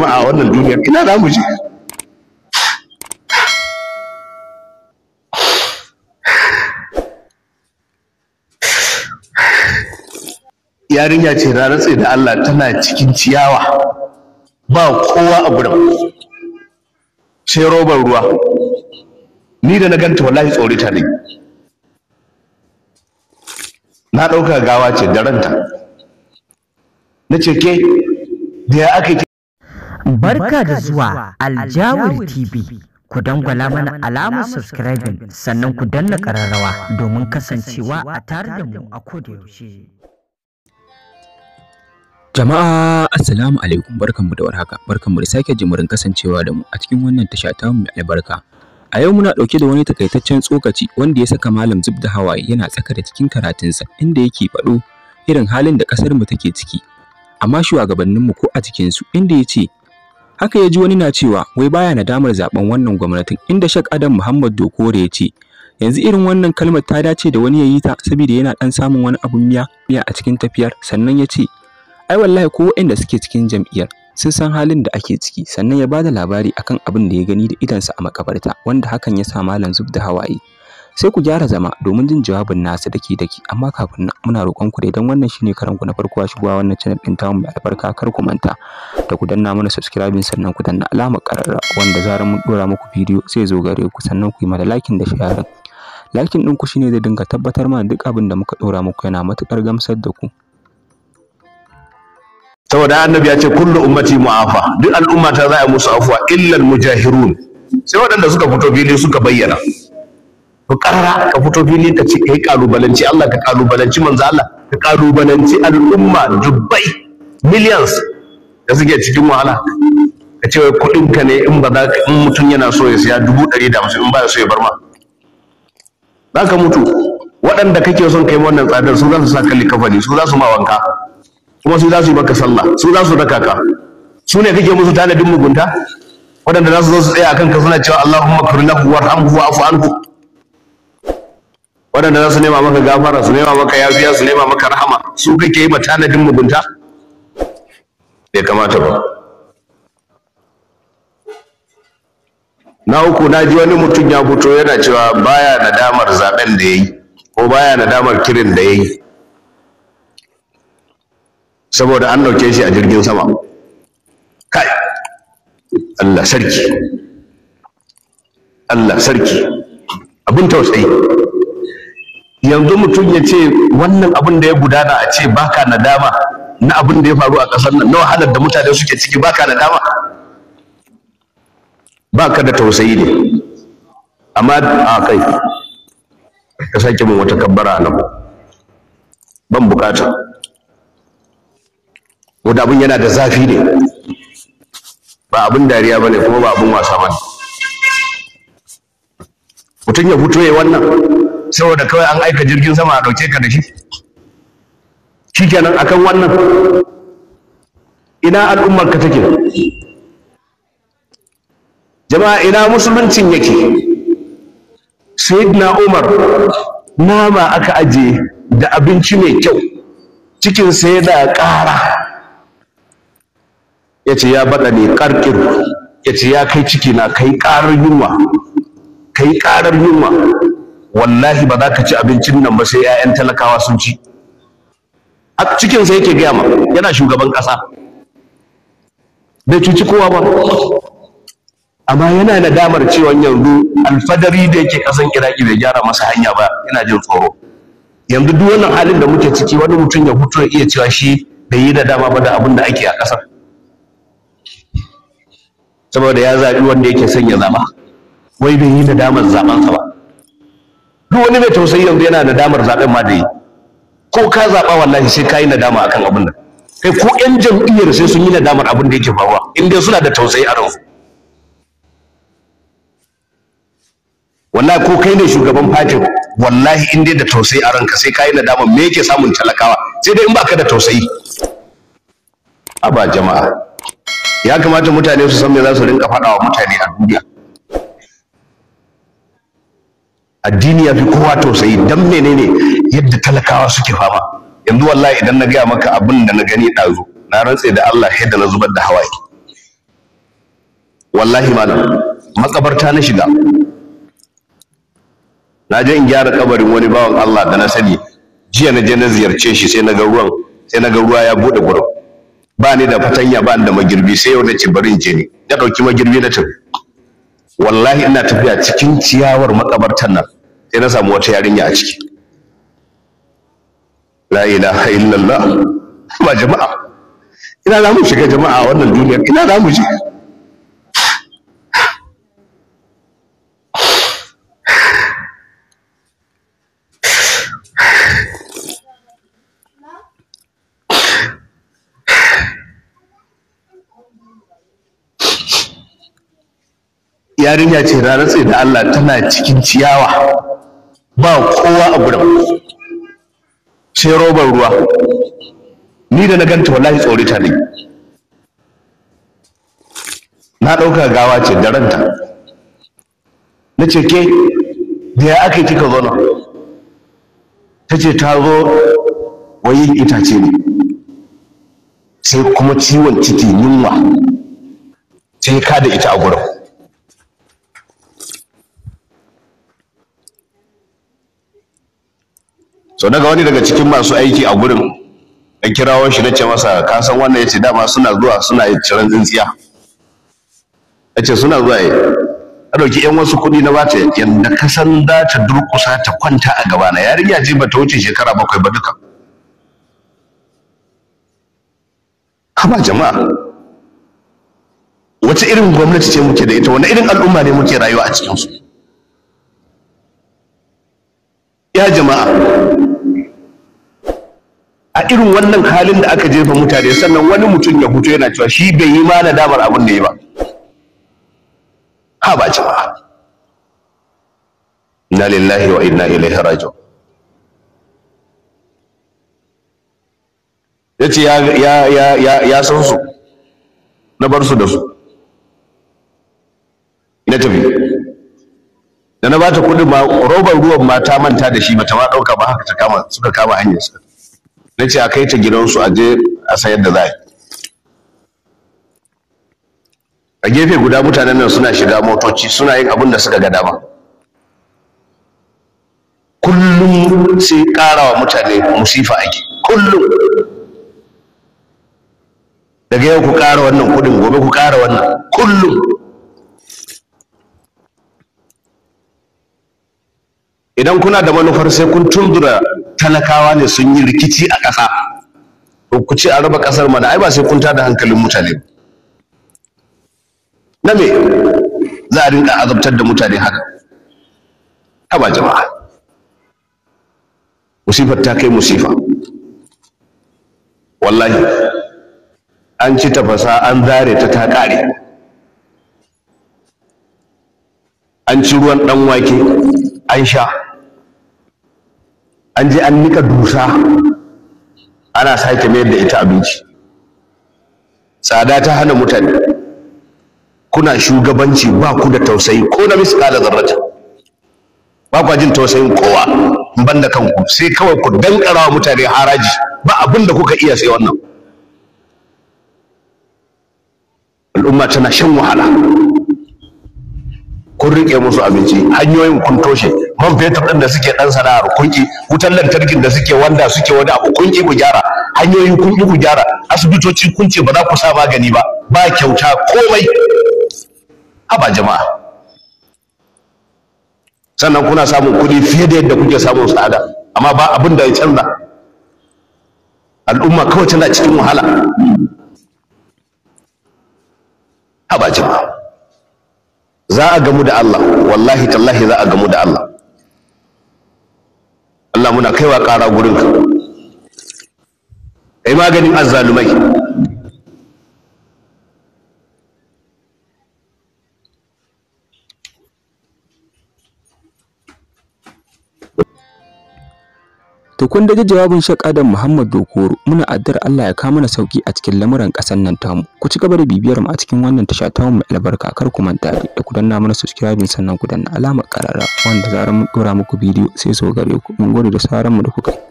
zama wannan duniyar ina za mu je yarinya ce na ratse da Allah tana cikin ciyawa ba kowa a gurin sai robar ruwa ni da na ganta wallahi tsori ta ne na ɗauka gawa ce da ranta na ce ke da ya aka Barka da zuwa Aljawul TV. Ku dangwala mana alamar subscribing sannan ku danna ƙararrawa domin kasancewa a tare da mu a yaushe. Jama'a Assalamu alaikum barkanmu da warhaka barkanmu da sake jimurin kasancewa da mu a cikin wannan tasha ta mu mai albarka. A yau muna ɗauke da wani takaitaccen tsokaci wanda ya saka Malam Zub da Hawaye yana tsaka da cikin karatunsa inda yake faɗo irin halin da ƙasar mu take ciki. Amma shugabanninmu ko a cikinsu inda ya ce Haka ya ji wani na cewa wai baya nadamar zaben wannan gwamnatin inda Sheikh Adam Muhammad Dokore ya ce yanzu irin wannan kalmar ta dace da wani ya yi ta saboda yana dan samun wani abun miya miya a cikin tafiyar sannan ya ce ai wallahi ko waɗanda suke cikin jam'iyyar sun san halin da ake ciki sannan ya bada labari akan abin da ya gani da idansa a makabarta wanda hakan ya sa malam zub da hawaye sai ku gyara zama domin jin jawabin nasu daki daki amma kafin nan muna roƙon ku idan wannan shine karan ku na farko a shigowa wannan channel din tamu mai albarka kar ku manta da ku danna mana subscribe sannan ku danna alamar kararra wanda zarar mun dora muku bidiyo sai zo gare ku sannan ku yi mana liking da share liking din ku shine zai dinga tabbatar mana duk abin da muka dora muku yana matukar gamsar da ku saboda annabi ya ce kullu ummati mu'afa duk al'umma ta za a musu afuwa illal mujahirun sai waɗanda suka fito fili suka bayyana bukarara ka fito fili ka ce kai kalubalanci Allah ka kalubalanci manzo Allah ka kalubalanci al'umma dubbai millions da suke cikin wahala ka ce wai kuɗin ka ne in ba za ka in mutum yana so ya siya dubu ɗari da hamsin in ba ya so ya bar ma za ka mutu waɗanda kake son kai wannan tsadar su za su sa kalli kafani su za su ma wanka kuma su za su yi maka sallah su za su raka ka su ne kake musu tanadin mugunta waɗanda za su zo su tsaya akan ka suna cewa Allahumma kurnahu warhamhu wa'fu anhu waɗanda za su nema maka gafara su nema maka yafiya su nema maka rahama su kake yi tanadin mugunta bai kamata ba na uku na ji wani mutum ya fito yana cewa baya nadamar zaben da ya yi ko baya nadamar kirin da ya yi saboda an ɗauke shi a jirgin sama kai Allah sarki Allah sarki abin tausayi yanzu mutum ya ce wannan abin da ya gudana a ce baka nadama na abin da ya faru a ƙasar nan na wahalar da mutane suke ciki baka nadama baka da tausayi ne amma a kai ka sake min wata kabbara nan ban bukata wanda abin yana da zafi ne ba abin dariya bane kuma ba abin wasa bane mutum ya fito ya wannan saboda kawai an aika jirgin sama a ɗauke ka da shi shikenan akan wannan ina al'ummar ka take jama'a ina musuluncin yake sayyidina umar nama aka ajiye da abinci mai kyau cikinsa yana ƙara ya ce ya baɗa ne ƙarƙir ya ce ya kai ciki na kai ƙarar yunwa kai ƙarar yunwa wallahi ba za ka ci abincin nan ba sai 'ya'yan talakawa sun ci a cikin sai yake gaya ma yana shugaban ƙasa bai cuci kowa ba amma yana nadamar cewa yanzu alfadari da yake ƙasan iraki bai gyara masa hanya ba ina jin tsoro yanzu duk wannan halin da muke ciki wani mutum ya hutu ya iya cewa shi bai yi nadama ba da abin da ake a ƙasar saboda ya zaɓi wanda yake son ya zama wai bai yi da damar zaɓensa ba wani mai tausayi yanzu yana damar zaben ma da yi ko ka zaɓa wallahi sai ka yi nadama akan abin nan kai ko yan jam'iyyar sai sun yi nadamar abin da yake faruwa in dai suna da tausayi a ransu wallahi ko kai ne shugaban fatin wallahi in dai da tausayi a ranka sai ka yi nadama me yake samun talakawa sai dai in baka da tausayi aba jama'a ya kamata mutane su san me za su rinka faɗa wa mutane a duniya addini ya fi kowa tausayi dan menene yadda talakawa suke fama yanzu wallahi idan na gaya maka abin da na gani ɗazu na rantse da Allah yadda na zubar da hawaye wallahi malam makabarta na shiga na je in gyara kabarin wani bawan Allah da na sani jiya na je na ziyarce shi sai na ga ruwan sai na ga ruwa ya bude gurin ba ni da fatanya ba ni da magirbi sai yau na ci bari in je ni na ɗauki magirbi na tafi wallahi ina tafiya cikin ciyawar makabartan nan sai na samu wata yarinya a ciki la ilaha illallah ba jama'a ina za mu shiga jama'a wannan duniyar ina za mu shiga yarinya ce ranar tsaye da Allah tana cikin ciyawa ba kowa a gurin sai roban ruwa ni da na ganta wallahi tsorita ne na ɗauka gawa ce da ranta na ce ke da ya aka yi kika zo nan ta ce ta zo wayi itace ne sai kuma ciwon ciki yunwa sai ka da ita a gurin so daga wani daga cikin masu aiki a gurin na kirawo shi na ce masa ka san wannan ya ce dama suna zuwa suna ciran tsintsiya ya ce suna zuwa yi eh. a ɗauki yan wasu kuɗi na bata yadda ka san za ta durƙusa ta kwanta a gabana yarinya ce bata wuce shekara bakwai ba duka haba jama'a wace irin gwamnati ce muke da ita wani irin al'umma ne muke rayuwa a cikinsu ya jama'a a irin wannan halin da aka jefa mutane sannan wani mutum ya fito yana cewa shi bai yi mana damar abin da ya ba ha ba ba? Na lillahi wa inna ilaihi raji'un ya ce ya san su na bar su da su na tafi da na ba ta kudin ma robar ruwan ma ta manta da shi mata ma dauka ba haka ta kama suka kama hanyar suka na ce a kai ta gidansu a je a sayar da zai a gefe guda mutanen nan suna shiga motoci suna yin abin da suka ga dama kullum sai ƙara wa mutane musifa ake kullum daga yau ku ƙara wannan kuɗin gobe ku ƙara wannan kullum idan kuna da manufar sai kun tundura talakawa ne sun yi rikici a ƙasa to ku ce a raba ƙasar mana ai ba sai kun tada hankalin mutane na me za a rinka azabtar da mutane haka haba jama'a musifar ta kai musifa wallahi an ci tafasa an zare ta ta ƙare an ci ruwan ɗan wake an sha an je an nika dusa ana sake mayar da ita abinci tsada ta hana mutane kuna shugabanci ba ku da tausayi ko na kala zarrata ba ku jin tausayin kowa ban da kanku sai kawai ku dankara wa mutane haraji ba abin da kuka iya sai wannan al'umma tana shan wahala kun riƙe musu abinci hanyoyin kun toshe man fetur ɗin da suke ɗan sana'ar kunki wutar lantarkin da suke wanda suke wani abu kunki ku gyara hanyoyi kunki ku gyara asibitoci kunki ba za ku sa magani ba ba kyauta komai haba jama'a sannan kuna samun kuɗi fiye da yadda kuke samun sa'ada amma ba abin da ya canza al'umma kawai tana cikin wahala haba jama'a za a gamu da Allah wallahi tallahi za a gamu da Allah Allah muna kaiwa ƙara gurinka Ai maganin azzalumai To kun daga jawabin Sheikh Adam Muhammad Dokoro muna addar Allah ya kawo mana sauki a cikin lamuran ƙasar nan tamu. Ku ci gaba da bibiyar mu a cikin wannan tasha ta mai albarka kar ku manta da ku danna mana subscribe sannan ku danna alamar karara wanda zarar mun dora muku bidiyo sai so gare ku. Mun gode da sauraron mu da kuka